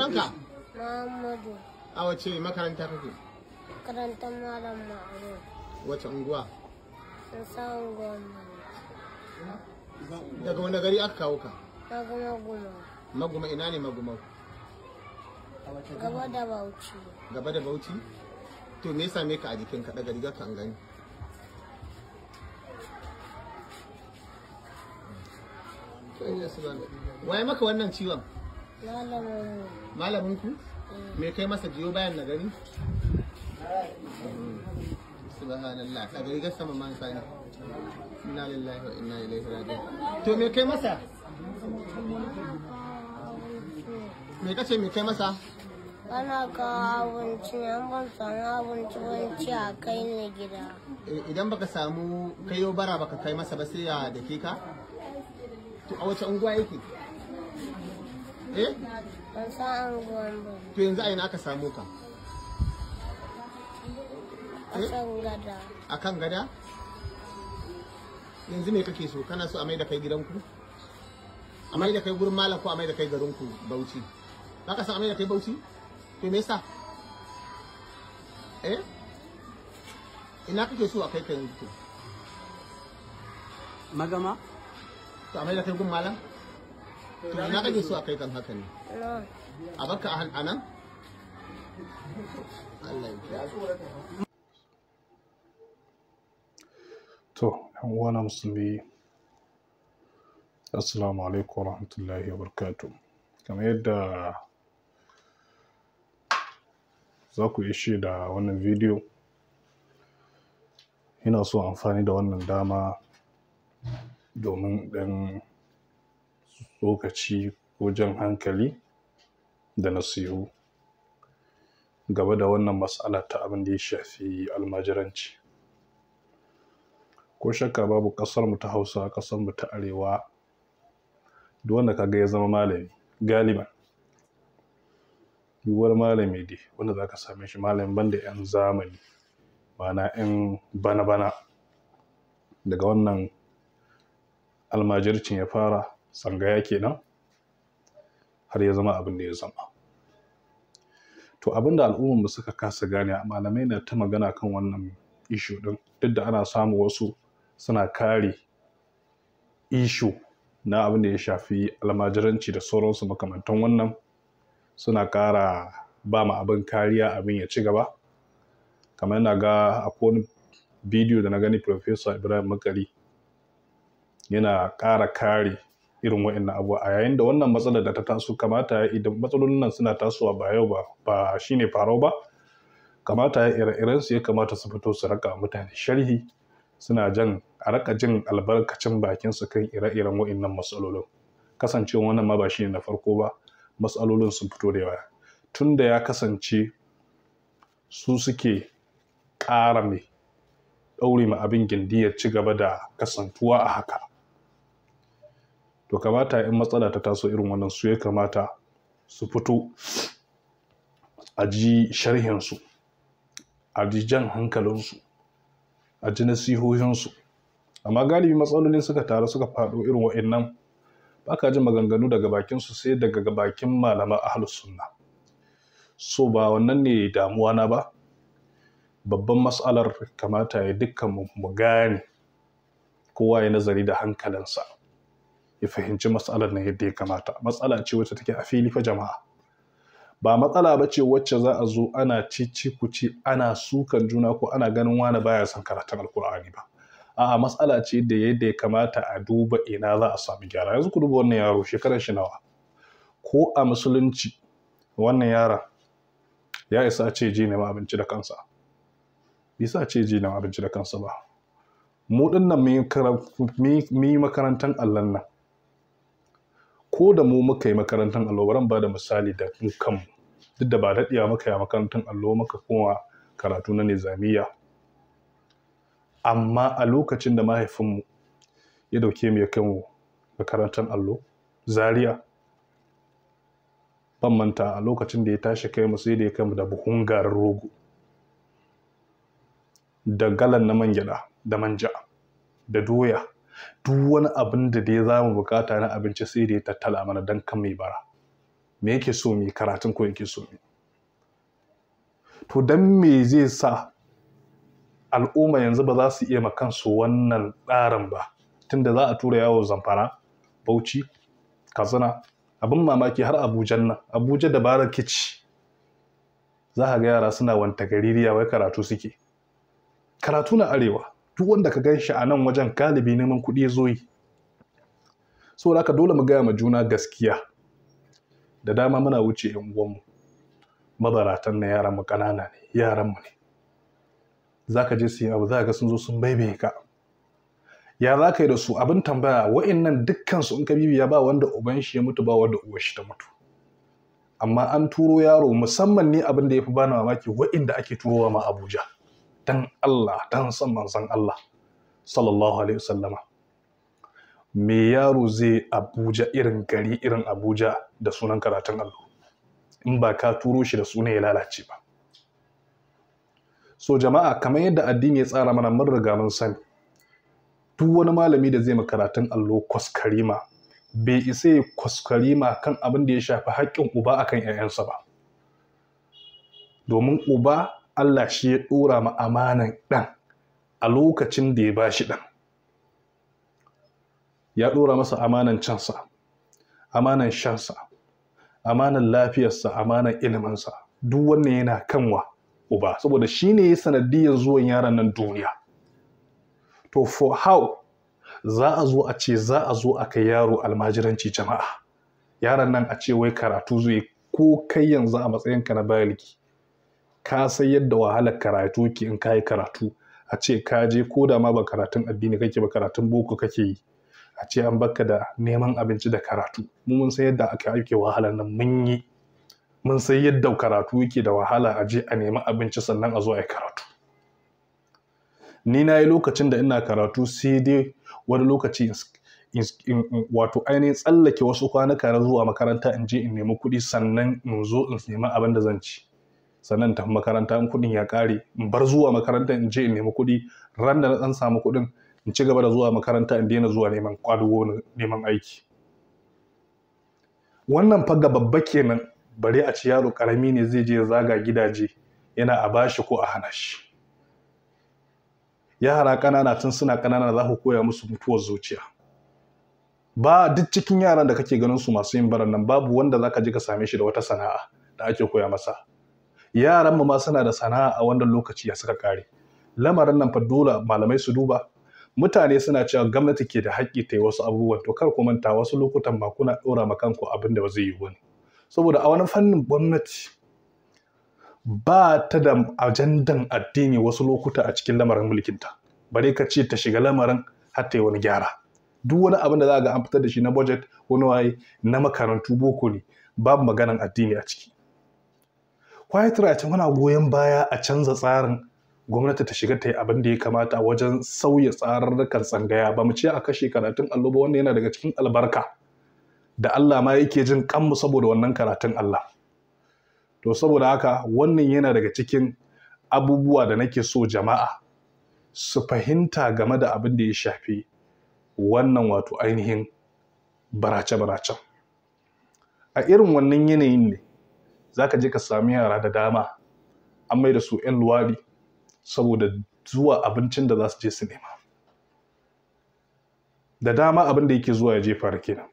sunanka? Muhammadu. A wace makaranta kake? Makarantar Malam Ma'aru. Wace unguwa? Sun sa unguwa Daga wani gari aka kawo ka? Maguma Maguma. Maguma ina ne Maguma? Gaba da Bauchi. Gaba da Bauchi? To me yasa me ka a jikin ka daga riga kan gani? Wai maka wannan ciwon? malamin ku me kai masa jiyo bayan na gani subhanallah ka gari gasa mamman sani inna lillahi wa inna ilaihi raji'un to me kai masa me kace me kai masa ana ka abinci an ban samu abinci wanci a kai ne gida eh, idan baka samu kai bara baka kai masa ba sai ya dake ka to a wace unguwa yake Eh? to yanzu a ina aka samu ka eh? a kan gada yanzu me kake so kana so a mai da kai gidanku a mai da kai gurin malam ko a mai da kai garinku bauchi ba ka san a mai da kai bauchi to me yasa eh ina kake so a kai ka yanzu magama to a mai da kai gurin malam to ina kake so a kai kan haka ne a baka a nan Allah ya to yan uwana musulmi assalamu alaikum wa rahmatullahi wa barakatuh kamar yadda za ku ishe da wannan bidiyo ina so amfani da wannan dama domin ɗan lokaci ko jan hankali da nasihu gaba da wannan matsala ta abin da ya shafi almajiranci ko shakka babu ƙasarmu ta hausa ƙasarmu ta arewa duk wanda ga ya zama malami galiban duwar malami dai wanda za ka same shi malamin banda 'yan zamani mana 'yan bana-bana daga wannan almajircin ya fara tsangaya kenan har ya zama abin da ya zama to abin da al'ummarmu suka kasa gane a, malamai na ta magana kan wannan ishu din duk da ana samu wasu suna kare ishu na abin da ya shafi almajiranci da sauransu makamantan wannan suna kara ba ma abin kariya abin ya ci gaba kamar yana ga a wani bidiyo da na gani professor ibrahim makari yana ƙara kare irin na abuwa a yayin da wannan matsalar da ta taso kamata idan matsalolin nan suna tasowa ba yau ba ba shine farau ba kamata ya ire-iren su ya kamata su fito su raka mutane sharhi suna jan a raka jin albarkacin bakin su kan ire-iren nan matsalolin kasancewa wannan ma ba shine na farko ba matsalolin sun fito da yawa tun da ya kasance su suke ƙara mai ɗaure ma abin gindi ya ci gaba da kasantuwa a haka to kamata in matsala ta taso irin wannan su ya kamata su fito a ji sharhinsu a ji jan hankalinsu a ji nasihohinsu amma galibi matsalolin suka tare, suka faɗo irin wa'annan ba ka ji maganganu daga bakinsu sai daga bakin malaman ahlus sunna so ba wannan ne damuwa na ba babban matsalar kamata ya dukkan mu gane kowa ya nazari da hankalinsa ya fahimci matsalar na yadda ya kamata matsala ce wacce take a fili fa jama'a ba matsala ba ce wacce za a zo ana cici kuci ana sukan juna ko ana ganin wani baya san karatun alkur'ani ba a'a matsala ce da yadda ya kamata a duba ina za a sami gyara yanzu ku duba wannan yaro shekarar shi nawa ko a musulunci wannan yaron ya isa ce ji nema abinci da kansa bisa ce ji nema abinci da kansa ba mu dinnan mu yi makarantar allon nan ko da mu muka yi makarantar allo bari ba da misali da in kanmu duk da ba daɗiya muka yi makarantar allo muka koma karatu na nizamiya amma a lokacin da mahaifinmu ya dauke mu ya kai makarantar allo zaria ban manta a lokacin da ya tashi kai mu sai da ya kai mu da buhun garin rogo da galan na man gyada da manja da doya duk wani abin da dai za mu bukata na abinci sai da ya tattala mana don kan mai bara me yake so mai karatun ko yake so mai to don me zai sa al'umma yanzu ba za su iya makansu wannan tsarin ba tun da za a tura yawo zamfara bauchi katsina abin mamaki har abujan nan abuja da bara kici za a ga yara suna wanta gaririya wai karatu suke karatu na arewa duk wanda ka gan shi a nan wajen galibi neman kuɗi zo yi saboda haka dole mu gaya ma juna gaskiya da dama muna wuce yan uwanmu mabaratan na yaran mu ƙanana ne yaran mu ne za ka je su yi abu za ga sun zo sun baibaye ka ya za ka yi da su abin tambaya wa'innan dukkan su in ka bibiya ba wanda uban shi ya mutu ba wanda uwar shi ta mutu amma an turo yaro musamman ne abin da ya fi bani mamaki wa'inda ake turowa ma Abuja dan Allah dan san manzon Allah sallallahu alaihi wasallama me yaro zai Abuja irin gari irin Abuja da sunan karatun allo in ba ka turo shi da sunan ya lalace ba so jama'a kamar yadda addini ya tsara mana mun riga mun sani duk wani malami da zai makaratun allo kwaskarima bai isa ya kwaskarima kan abin da ya shafi haƙƙin uba akan 'ya'yansa ba domin uba Allah shi ya ɗora ma amanan ɗan a lokacin da ya ba shi ɗan ya ɗora masa amanan cansa amanan shansa amanan lafiyarsa amanan iliminsa duk wannan yana kanwa uba saboda shi ne ya sanadiyar zuwan yaran nan duniya to for how za a zo a ce za a zo a kai yaro almajiranci jama'a yaran nan a ce wai karatu zai ko kai yanzu a matsayinka na bayaliki ka san yadda wahalar karatu ke in ka yi karatu a ce ka je ko da ma ba karatun addini kake ba karatun boko kake yi a ce an baka da neman abinci da karatu mu mun san yadda aka ake wahalar nan mun yi mun san yadda karatu yake da wahala a je a nemi abinci sannan a zo a yi karatu ni na yi lokacin da ina karatu sai dai wani lokaci wato ainihin tsallake wasu kwanuka na zuwa makaranta in je in nemi kuɗi sannan in zo in nemi abin da zan ci sannan tafi makaranta in kuɗin ya ƙare in bar zuwa makaranta in je in nemi kuɗi ran da na ɗan samu kuɗin in ci gaba da zuwa makaranta in daina zuwa neman ƙwadugo neman aiki wannan fa babba kenan bare a ci yaro ƙarami ne zai je zaga gidaje yana a bashi ko a hana shi yara ƙanana tun suna ƙanana za ku koya musu mutuwar zuciya ba duk cikin yaran da kake ganin su masu yin baran nan babu wanda za ka je ka same shi da wata sana'a da ake koya masa yaran mu ma suna da sana'a a wannan lokaci ya suka kare lamarin nan fa dole malamai su duba mutane suna cewa gwamnati ke da haƙƙi ta yi wasu abubuwan to kar ku manta wasu lokutan ma kuna ɗora ma kanku abin da ba zai yi wani saboda a wani fannin gwamnati ba ta da ajandan addini wasu lokuta a cikin lamarin mulkinta bare ka ce ta shiga lamarin har ta yi wani gyara duk wani abin da za ga an fitar da shi na budget wani waye na makarantu boko ne babu maganan addini a ciki quiet right muna goyon baya a canza tsarin gwamnati ta shiga ta yi abin da ya kamata wajen sauya tsararrukan tsangaya ba mu ce a kashe karatun allo ba wanda yana daga cikin albarka da Allah ma yake jin kanmu saboda wannan karatun Allah to saboda haka wannan yana daga cikin abubuwa da nake so jama'a su fahimta game da abin da ya shafi wannan wato ainihin barace-baracen a irin wannan yanayin ne zaka je ka sami yara da dama an mai da su 'yan luwari saboda zuwa abincin da za su je su nema da dama abin da yake zuwa ya jefa kenan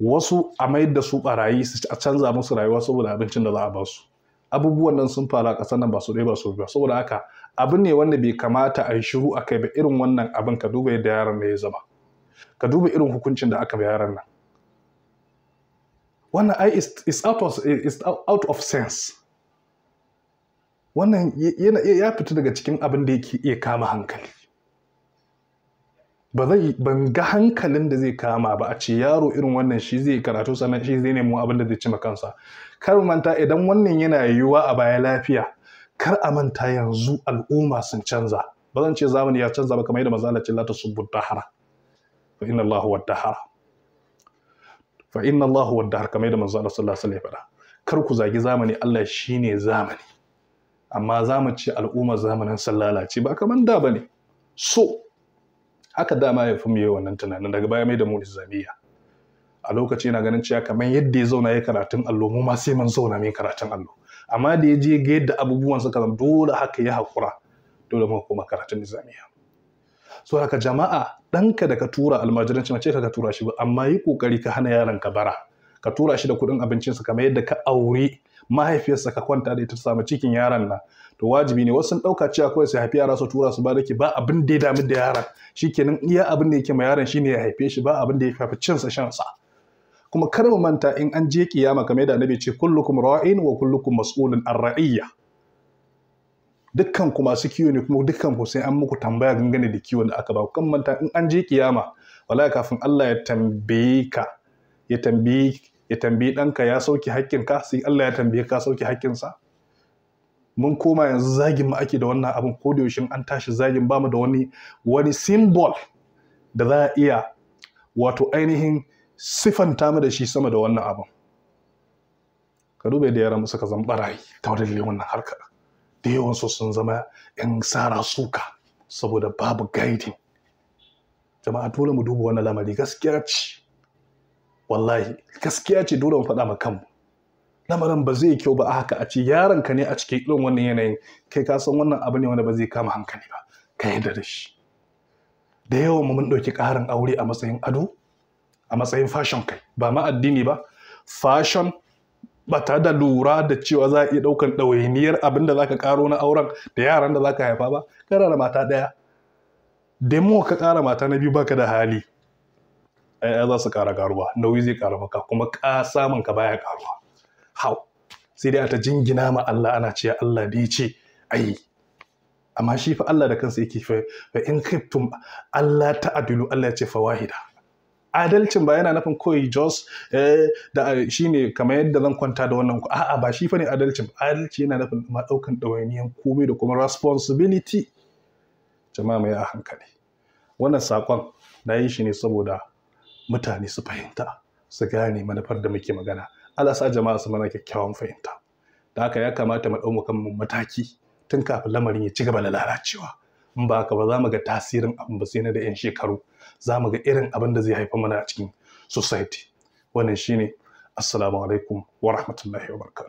wasu a mayar da su barayi su a canza musu rayuwa saboda abincin da za a ba su abubuwan nan sun fara a ƙasar nan ba su ɗaya ba su biya. saboda haka abu ne wanda bai kamata a yi shiru a kai ba irin wannan abin ka duba yadda yaran ne ya zama ka duba irin hukuncin da aka ba yaran nan wannan ai is out of, is out of sense wannan ya fita daga cikin abin da yake iya kama hankali ba zai ban ga hankalin da zai kama ba a ce yaro irin wannan shi zai karatu sannan shi zai nemo abin da zai ci kansa kar manta idan wannan yana yiwuwa a baya lafiya kar a manta yanzu al'umma sun canza ba zan ce zamani ya canza ba kamar yadda mazalacin lata ce la fa inna Allahu wa dahara fa inna Allahu wadda har kamar yadda manzo Allah sallallahu alaihi wasallam ya faɗa kar ku zagi zamani Allah shine zamani amma zamu ce al'umma zamanin sun lalace ba kaman da bane so haka dama ya fi mu wannan tunanin daga baya mai da mu nizamiya. a lokaci yana ganin cewa kamar yadda ya zauna ya karatun allo mu ma sai mun zauna mai karatun allo amma da ya je ga yadda abubuwan suka zama dole haka ya hakura dole mu koma karatun islamiyya so haka jama'a ɗanka da ka tura almajiranci mace ka tura shi ba amma yi ƙoƙari ka hana yaron ka bara ka tura shi da kuɗin abincinsa kamar yadda ka aure mahaifiyarsa ka kwanta da ita ta samu cikin yaron nan to wajibi ne wasu ɗauka cewa kawai su haifi yara su tura su ba da ke ba abin da ya damu da yaron shikenan iya abin da yake ma yaron shine ya haife shi ba abin da ya shafi cinsa shansa kuma kar mu manta in an je kiyama kamar yadda annabi ce kullukum ra'in wa kullukum mas'ulun an ra'iyya dukkan ku masu kiwo ne kuma dukkan ku sai an muku tambaya dangane da kiwon da aka ba ku kan manta in an je kiyama wallahi kafin Allah ya tambaye ka ya tambayi ya tambayi ɗanka ya sauke ka sai Allah ya tambaye ka sauke sa? mun koma yanzu zagin mu ake da wannan abin ko da yaushe an tashi zagin ba mu da wani wani symbol da za a iya wato ainihin sifanta mu da shi sama da wannan abin ka duba da yaran mu suka zama barayi ta wadda wannan harkar da su sun zama 'yan sara suka saboda babu gaidi jama'a dole mu duba wani lamari gaskiya ce wallahi gaskiya ce dole mu faɗa ma kanmu lamarin ba zai kyau ba a haka a ce yaron ka ne a cikin irin wannan yanayin kai ka san wannan abu ne wanda ba zai kama hankali ba ka yarda da shi da yawan mu mun ɗauki ƙarin aure a matsayin ado a matsayin fashion kai ba ma addini ba fashon. ba tare da lura da cewa za a iya ɗaukar ɗawainiyar abin da za ka ƙaro na auren da yaran da za ka haifa ba kana da mata ɗaya da mu ka ƙara mata na biyu baka da hali ai za su ƙara ƙaruwa nauyi zai ƙara maka kuma ka samun ka baya ƙaruwa hau sai dai a ta jingina ma Allah ana cewa Allah da ce ai amma shi fa Allah da kansa yake fa in khiftum Allah ta'adilu Allah ya ce fa wahida. adalcin ba yana nufin kawai jos eh, da eh, shi ne kamar yadda zan kwanta da wannan ku a'a ba shi fa ne adalcin adalci yana nufin ma ɗaukan ɗawainiyan komai da kuma responsibility jama'a mai a hankali wannan saƙon na yi shi ne saboda mutane su fahimta su gane manufar da muke magana Allah sa jama'a su mana kyakkyawan fahimta da haka ya kamata mu ɗau mu mataki tun kafin lamarin ya ci gaba da lalacewa in ba haka ba za mu ga tasirin abin ba sai na da 'yan shekaru za mu ga irin abin da zai haifa mana a cikin society wannan shine assalamu alaikum wa rahmatullahi wa